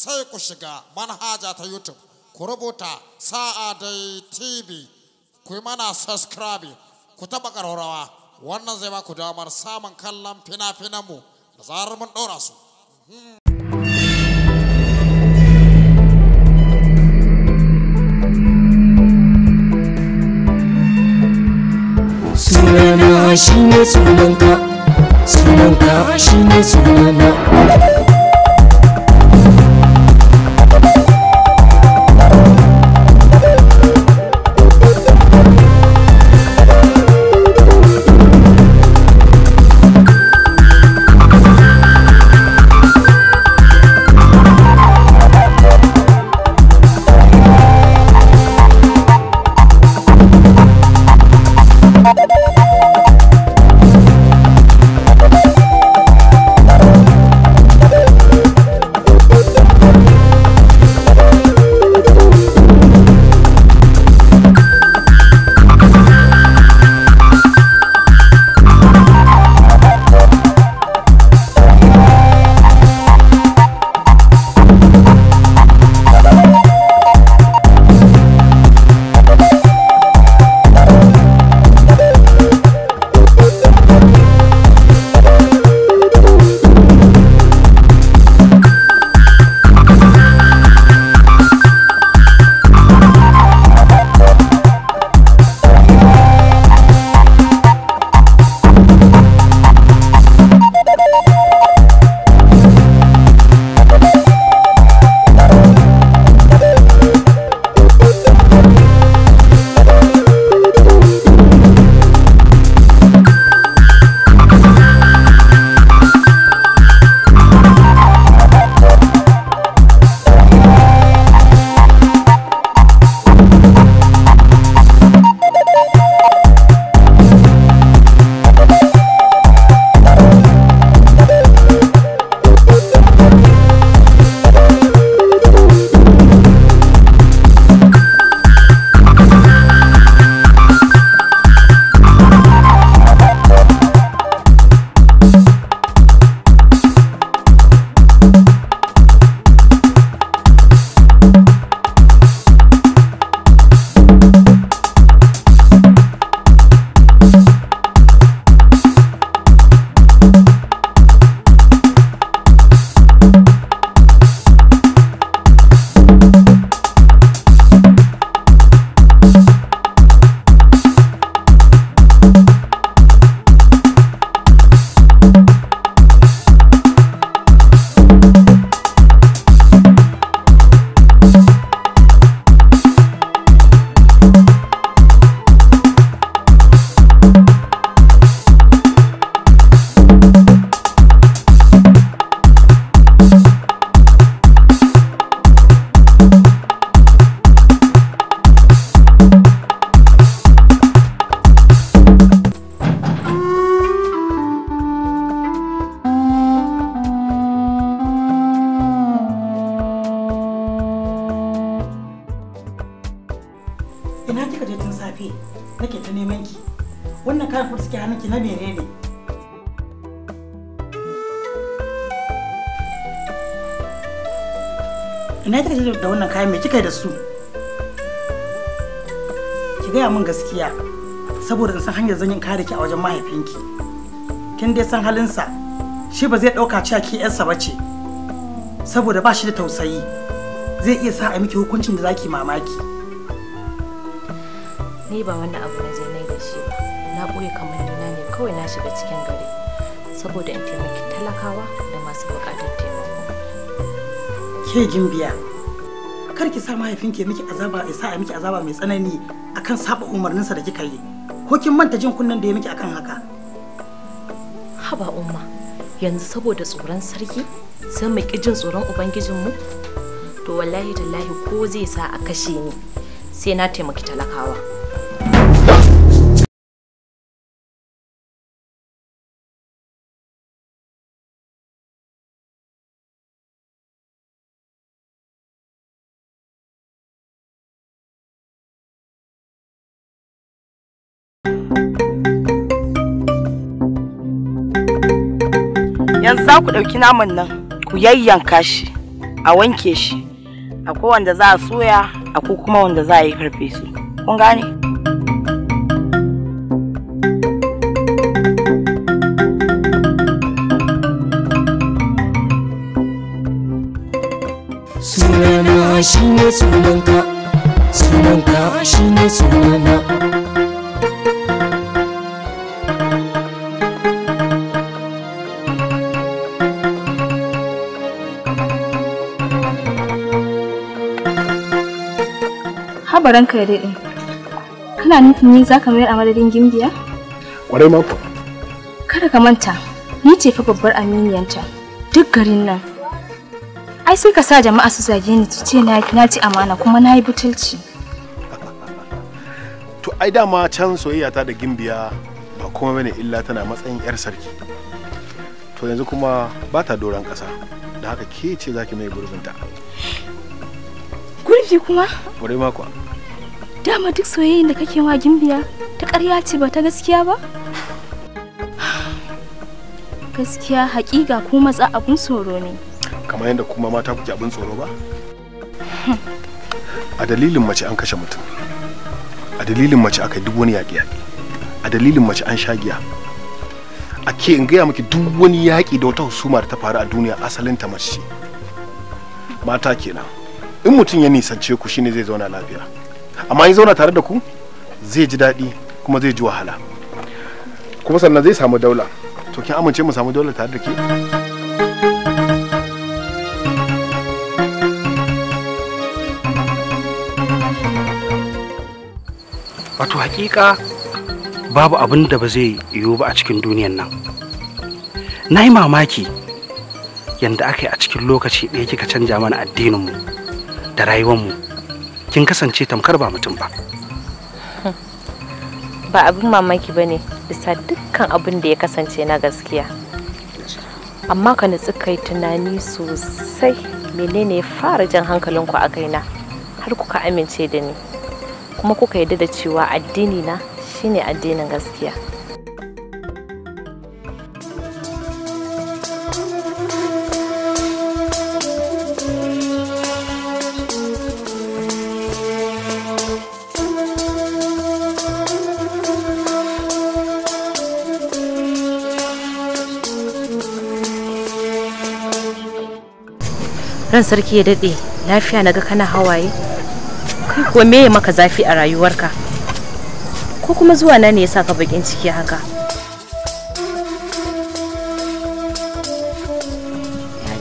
sai ku shiga manhaja ta YouTube, ku rubuta sa'a dai TV, ku yi mana subscribe, ku taɓa ƙararrawa, wannan zai ba ku damar samun kallon fina-finanmu da zarar mun ɗora su. Sunana shi ne sunanka, sunanka shi sunana. Thank you. ina kika je tun safe nake ta neman ki wannan kayan kuma suke hannunki na bere ne ina kika je da wannan kayan me kika da su ki gaya mun gaskiya saboda in san hanyar zan yin kare ki a wajen mahaifinki kin dai san sa shi ba zai ɗauka cewa ki yarsa ba ce saboda ba shi da tausayi zai iya sa a miki hukuncin da zaki mamaki ni ba wani abu na je nai da shi ba na ɓoye kamannina ne kawai na shiga cikin gari saboda in taimaki talakawa da masu buƙatar taimako ke gimbiya kar ki sa mahaifin ke miki azaba ya sa miki azaba mai tsanani akan saba umarninsa da kika yi ko kin manta jin kunnen da ya miki akan haka haba umma yanzu saboda tsoron sarki sai mu ki jin tsoron ubangijinmu to wallahi tallahi ko zai sa a kashe ni sai na taimaki talakawa Idan za ku ɗauki naman nan ku yayyanka shi a wanke shi akwai wanda za a soya akwai kuma wanda za a yi farfesu kun gane sunana shine sunanka sunanka shine sunana ranka ya daɗe. Kana nufin ni za ka mayar a madadin gimbiya? Kwarai mako. Kada ka manta, ni ce fa babbar aminiyanta duk garin nan. Ai sai ka sa jama'a su zage ni ce na ci amana kuma na yi butulci. To ai dama can soyayya ta da gimbiya ba kuma bane illa tana matsayin 'yar sarki. To yanzu kuma ba ta doron ƙasa, da haka ke ce za ki mai gurbinta. Gurbi kuma? Ƙwarai mako. dama duk soyayyen da kake wa gimbiya ta ƙarya ce ba ta gaskiya ba gaskiya hakika ko matsa abun tsoro ne kamar yadda kuma mata kuke abun tsoro ba a dalilin mace an kashe mutum a dalilin mace aka yi duk wani yaƙi yaƙi a dalilin mace an sha giya a ke in gaya miki duk wani yaƙi da wata husuma da ta faru a duniya asalin ta mace mata kenan in mutum ya nisance ku shine zai zauna lafiya amma in zauna tare da ku zai ji daɗi kuma zai ji wahala kuma sannan zai samu daula to kin amince mu samu daula tare da ke wato hakika babu abin da ba zai yiwu ba a cikin duniyan nan na yi mamaki yadda aka yi a cikin lokaci ɗaya kika canja mana addininmu da rayuwarmu kin kasance tamkar ba mutum ba ba abin mamaki ba ne bisa dukkan abin da ya kasance na gaskiya amma ka nutsu kai tunani sosai menene ya fara jan hankalinku a kaina har kuka amince da ni kuma kuka yarda da cewa addini na shine addinin gaskiya ran sarki ya daɗe lafiya naga kana hawaye kai kuwa me maka zafi a rayuwarka ko kuma zuwa na ne ya sa ka bakin ciki haka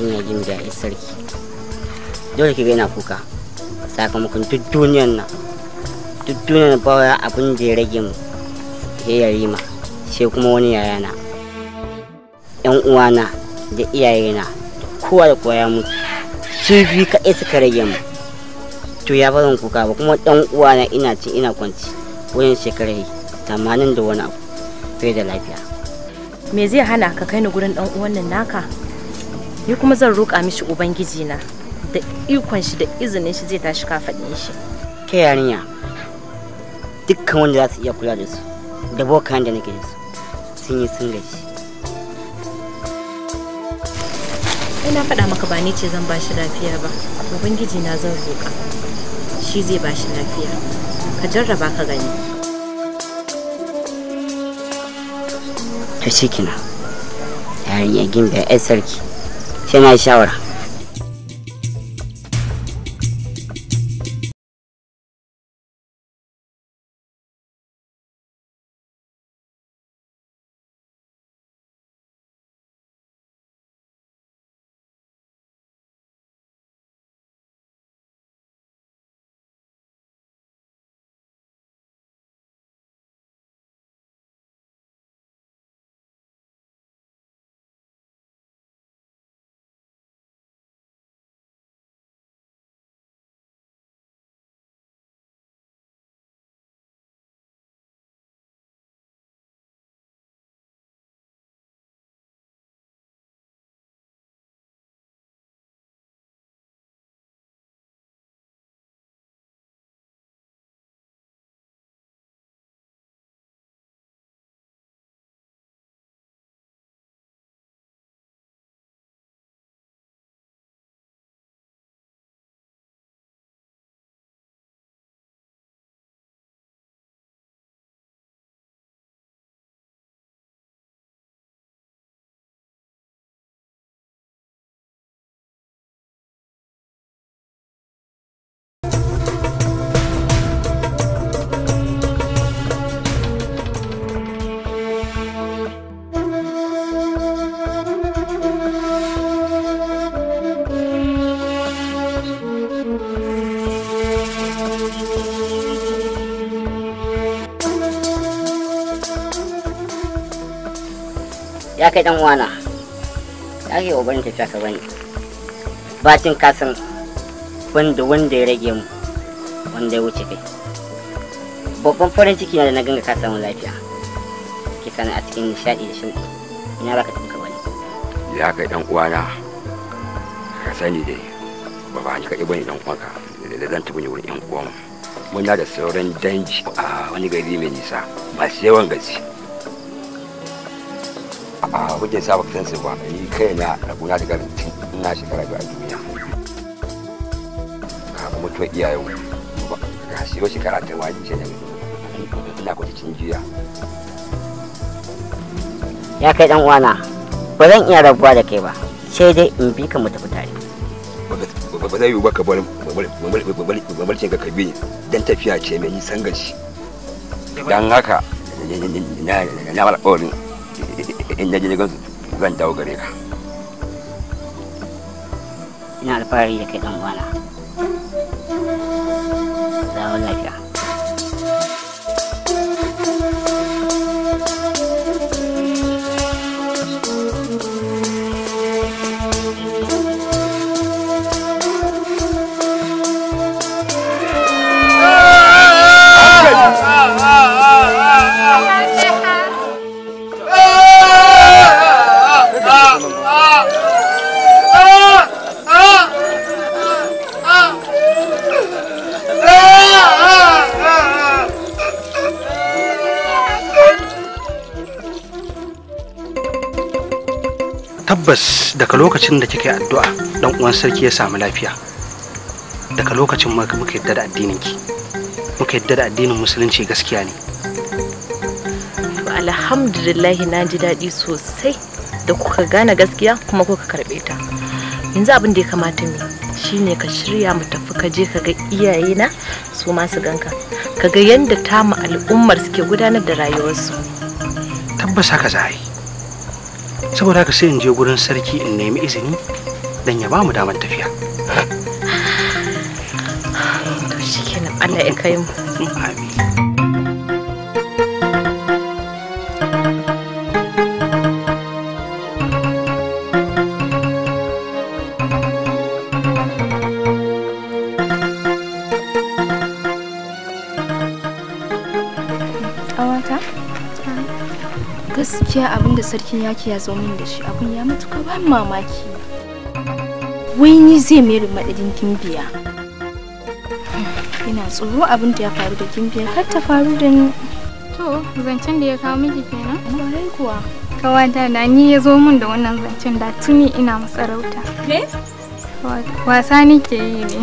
yarinya jin da sarki dole ki ga ina kuka sakamakon duk duniyan nan duk abin da ya rage mu ya yarima sai kuma wani yayana yan uwana da iyayena kowa da kowa ya mutu sun biyu kaɗai suka rage mu to ya bazan kuka ba kuma ɗan uwana ina ci ina kwanci wajen shekarai tamanin da wani abu fiye da lafiya me zai hana ka kai ni gurin ɗan uwan nan naka ni kuma zan roƙa mishi ubangiji na da ikon shi da izinin shi zai tashi kafaɗin shi ke yarinya dukkan wanda za su iya kula da su da bokan da nake da su sun yi sun gaji sai na faɗa maka ba ni ce zan ba shi lafiya ba ubangiji na zan roƙa shi zai bashi shi lafiya ka jarraba ka gani ta shi kina yarinyar gimbe 'yan sarki sai na shawara ya kai dan uwana ya ke kokarin tafiya ka bani bacin kasan wanda wanda ya rage mu wanda ya wuce kai babban farin ciki na da na ganga ka samu lafiya ke sani a cikin nishadi da shin ina baka tafi ka bani ya kai dan uwana ka sani dai ba ba ni kaɗai bane dan uwanka da zan tafi ne wurin yan uwan muna da sauran danji a wani gari mai nisa masu yawan gaske a kuke sa bakin su ba yi kai na rabuna da garanti ina shekara biyu a duniya ka mutuwa iyayen ba ga shiro shekara ta wajen ce ina kwace cin jiya ya kai dan uwana ba zan iya rabuwa da kai ba sai dai in bi ka mu tafi tare ba zai yiwu ba ka bari babarcin ka ka bi dan tafiya ce mai nisan gashi Dan haka na malakorin in da jirgin zan dawo gare ka ina alfahari da kai dan uwana zawo lafiya tabbas daga lokacin da kike addu'a dan uwan sarki ya samu lafiya daga lokacin muka yadda da addininki muka yadda da addinin musulunci gaskiya ne to alhamdulillah na ji daɗi sosai da kuka gane gaskiya kuma kuka karɓe ta yanzu abin da ya kamata ne shine ka shirya mu tafi ka je ka ga iyayena su ma ganka ka ga yadda tamu al'ummar suke gudanar da rayuwarsu tabbas haka za a yi saboda haka sai in je gurin sarki in nemi izini dan ya bamu damar tafiya to shikenan Allah ya kai mu amin gaskiya abinda sarkin yaki ya zo min da shi abin ya matuka ban mamaki wai ni zai mai madadin gimbiya ina tsoro abin da ya faru da gimbiya kar ta faru da ni to zancen da ya kawo miki kenan ƙwarai kuwa kawata da ni ya zo min da wannan zancen da tuni ina masarauta ne wasa nake yi ne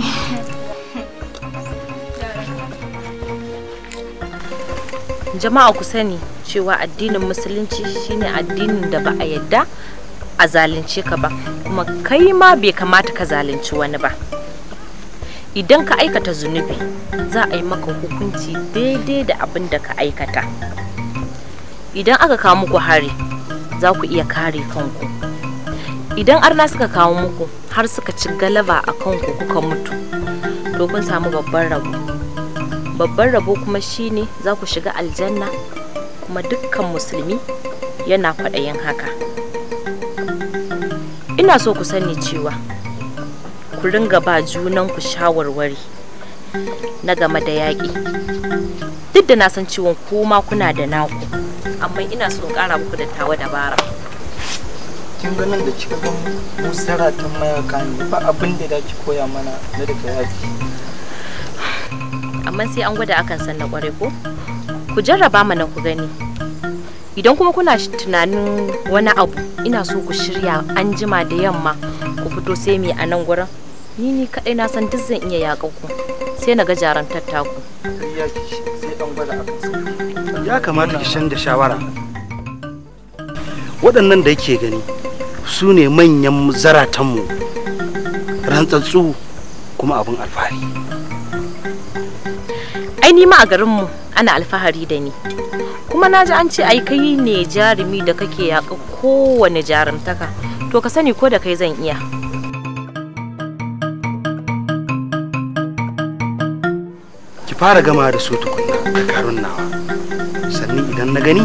jama'a ku sani cewa addinin musulunci shine addinin da ba a yadda a zalunce ka ba kuma kai ma bai kamata ka zalunci wani ba idan ka aikata zunubi za a yi maka hukunci daidai da abin da ka aikata idan aka kawo muku hari za ku iya kare kanku idan arna suka kawo muku har suka ci galaba a kanku kuka mutu to samu babban rabo babban rabo kuma shine za ku shiga aljanna kuma dukkan musulmi yana kwaɗayin haka ina so ku sani cewa ku ringa ba junan ku shawarwari na game da yaƙi duk da na san ciwon kuma kuna da naku amma ina so ƙara muku da tawa dabara kin ganin da kika ga musara saratan mayaka ne ba abin da da ki koya mana na daga yaƙi amma sai an gwada akan san na ko ku jarraba mana ku gani idan kuma kuna tunanin wani abu ina so ku shirya an jima da yamma ku fito sai mu a nan gurin ni ni kadai na san duk zan iya yaƙa ku sai na ga jaran tattaku ya kamata ki da shawara waɗannan da yake gani su ne manyan zaratanmu rantsatsu kuma abin alfahari ai ni ma a garinmu ana alfahari da ni kuma na ji an ce ai kai ne jarumi da kake yaƙa kowane jarumtaka to ka sani ko da kai zan iya ki fara gama da su tukunna a karun nawa sannan idan na gani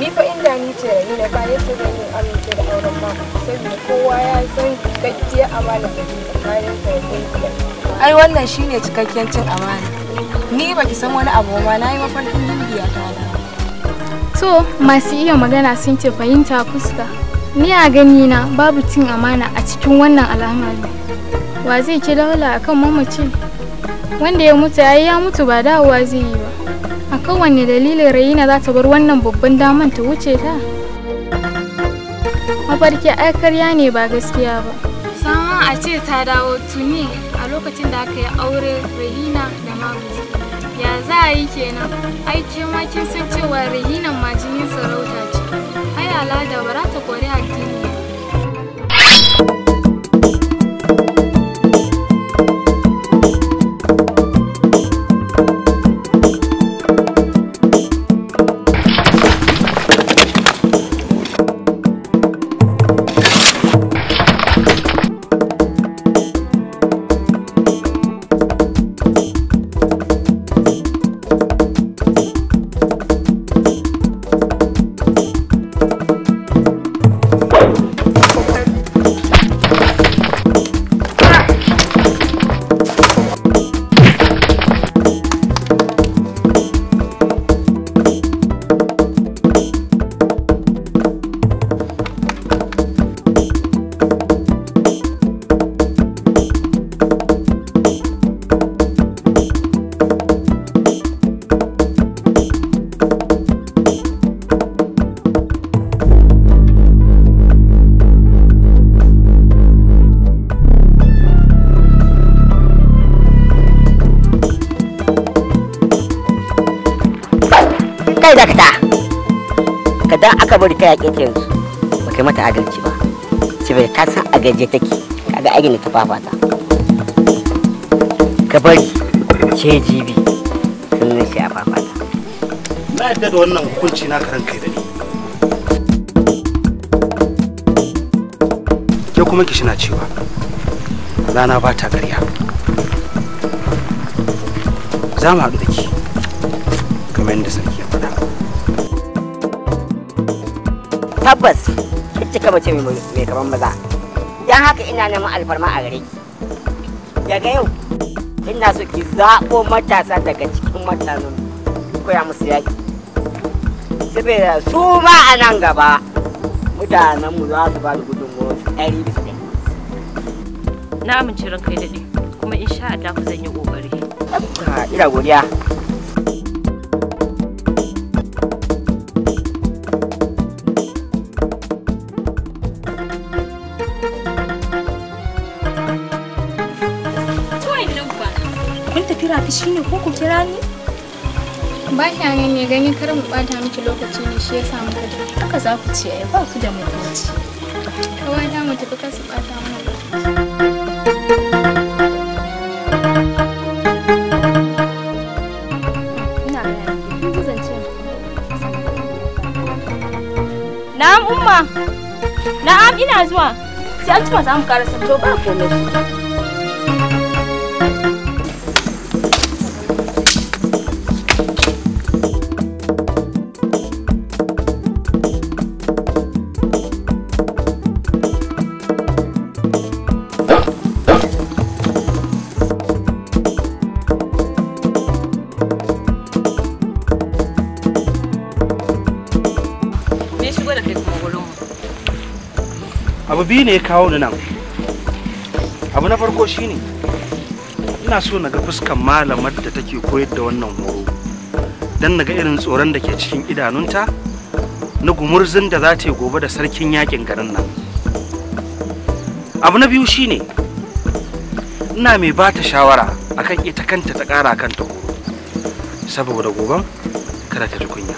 ni fa inda ni ce ni na ba yadda zan yi amince da auren ma saboda kowa ya san cikakkiya amana da bayan tsakanin kai ai wannan shine cikakken cin amana Ni baki san wani abu ba na yi mafarkin dubiya ta da. To masu iya magana sun ce fahimta fuska. Ni a gani na babu cin amana a cikin wannan al'amari. Wa zai ki daula akan mamaci? Wanda ya mutu yi ya mutu ba dawowa zai yi ba. A kowane dalilin Raina za ta bar wannan babban daman ta wuce ta? Mafarki ai karya ne ba gaskiya ba. Sama a ce ta dawo tuni a lokacin da aka yi aure Rahina da Maruzi. ya za a yi kenan ai ke ma kin san cewa rahinan majinin sarauta ce ai al'ada ba za ta kori addini kai da ka ka aka bari kai yaƙe ta yanzu ba kai mata adalci ba bai ka san a gaje take kaga aikin da ta fafata ka bari ce jibi sannan shi a fafata na yadda da wannan hukunci na karan kai da ni ke kuma ki shina cewa rana ba ta ƙarya za mu haɗu da ki kamar yadda sarki tabbas ka mace mai kaman maza ya haka ina neman alfarma a gare ki daga yau ina so ki zaɓo matasa daga cikin ki koya musu yaƙi saboda su ma a nan gaba mu za su ba da gudunmuwa ɗari bisa ɗari na amince da daɗe kuma insha Allah ku zan yi ƙoƙari ina godiya haka ne ko ku kira ni? Ba shi nan ne ganin kar mu bata miki lokaci ne shi ya muka je. Haka za ku ce ba ku da mutunci. Kawai da mu tafi kasu bata mana Na'am umma. Na'am ina zuwa. Sai an tuma za mu karasa to ba komai. biyu ne ya kawo ni nan abu na farko shine ina so na ga fuskan malamar da take koyar da wannan horo don naga irin tsoron da ke cikin idanunta na gumurzin da za ta yi gobe da sarkin yakin garin nan abu na biyu shine ina mai ba ta shawara akan ita kanta ta ƙara kanta horo saboda goben kada ta ji kunya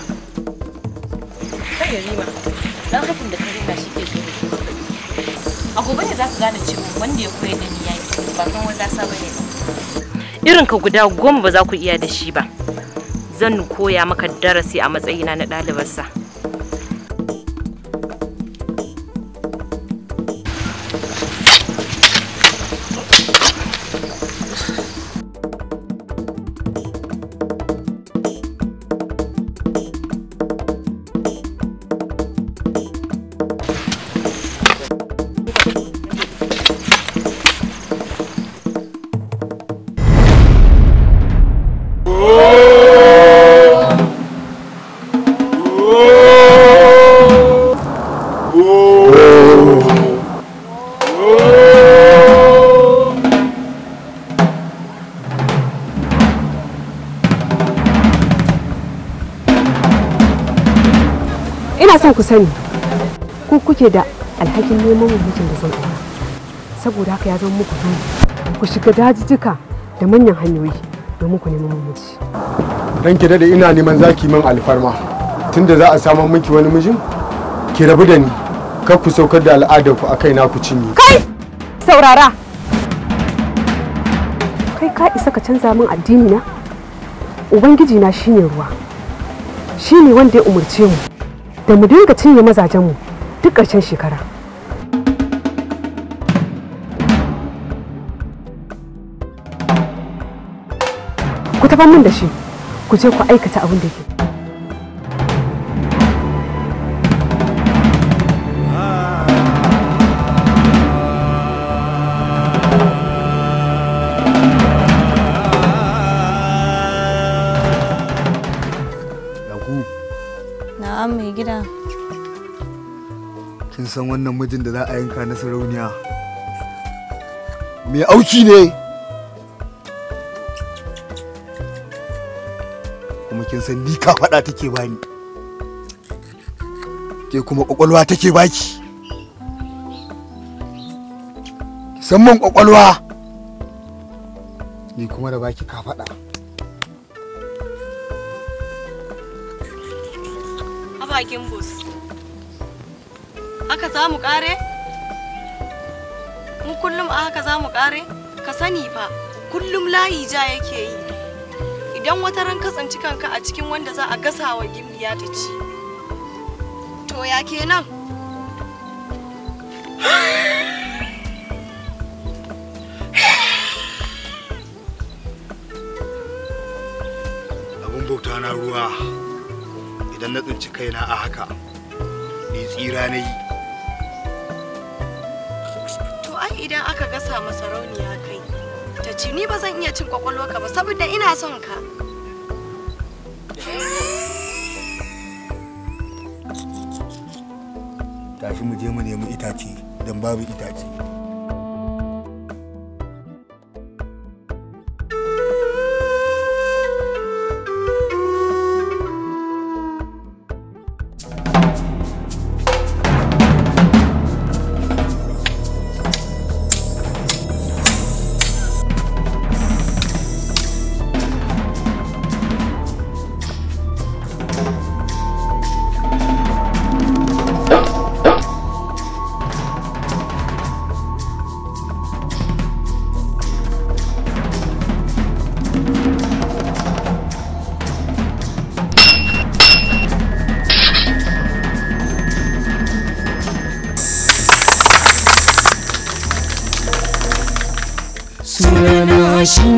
gobe ne za ka gane cewa wanda ya koyar da ni ya yi ba kan wata sa ba irin ka guda goma ba za ku iya da shi ba zan koya maka darasi a matsayina na ɗalibarsa ina son ku sani ku kuke da alhakin neman mutum da zan aura saboda haka ya zama muku dole ku shiga dajijika da manyan hanyoyi domin ku neman dan ki dade ina neman zaki man alfarma tunda za a samu miki wani mijin ki rabu da ni kar ku saukar da al'adar ku akai na ku cinye kai saurara kai ka isa ka canza min addini na ubangiji na shine ruwa shine wanda ya umarce mu da mu dinga cinye mazajenmu duk ƙarshen shekara ku taɓa min da shi ku je ku aikata abin da ke gida. Kin san wannan mijin da za a yanka na sarauniya. Mai auki ne. Kuma kin san ni ka faɗa take bani. Ke kuma ƙwaƙwalwa take baki. San man ƙwaƙwalwa. Ni kuma da baki ka faɗa. bakin bus haka za mu kare mu kullum a haka za mu kare ka sani fa kullum layi ja yake yi idan wata ran ka tsanci kanka a cikin wanda za a gasa wa gimbiya ta ci to ya kenan abun bauta na ruwa idan na tsinci kaina a haka ni tsira na yi to ai idan aka gasa masa rauniya kai ta ci ni ba zan iya cin kwakwalwa ka ba saboda ina son ka tashi mu je mu nemi itace don babu itace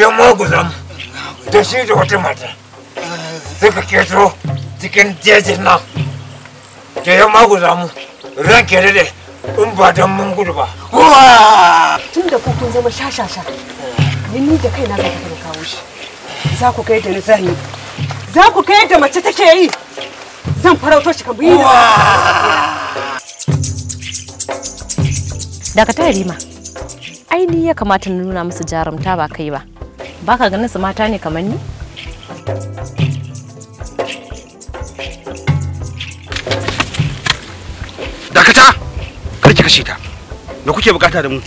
ya maguza da shi da wata mata suka keto cikin jejin na da ya maguza mu ran ke da in ba don mun gudu ba. Tun da ku kun zama shashasha, ni da kaina za ku kawo shi. Za ku kai da ni zan yi. Za ku kai da mace take yi. Zan farauto shi ka bi Daga ta ma ai ni ya kamata na nuna musu jarumta ba kai ba. baka ganin su mata ne kamar ni dakata kar ki kashe ta me kuke bukata da mu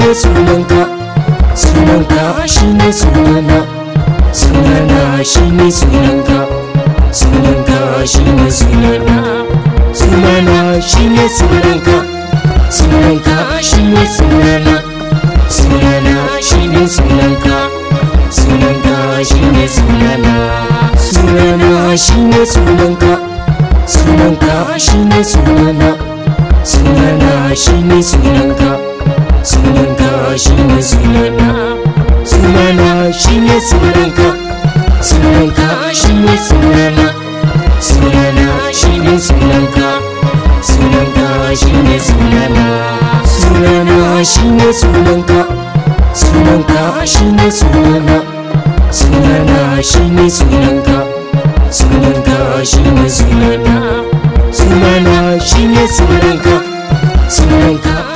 ne sunanka sunanka shine sunana sunana shine sunanka sunanka shine sunana sunana shine sunanka sunanka shine sunana sunana shine sunanka sunanka shine sunana sunana shine sunanka sunanka shine sunana sunana shine sunanka sunanka shine sunana sunana shine sunanka sunanka shine sunana sunana shine sunanka sunanka shine sunana sunana shine sunanka sunanka shine sunana sunana shine sunanka sunanka shine sunana sunana shine sunanka sunanka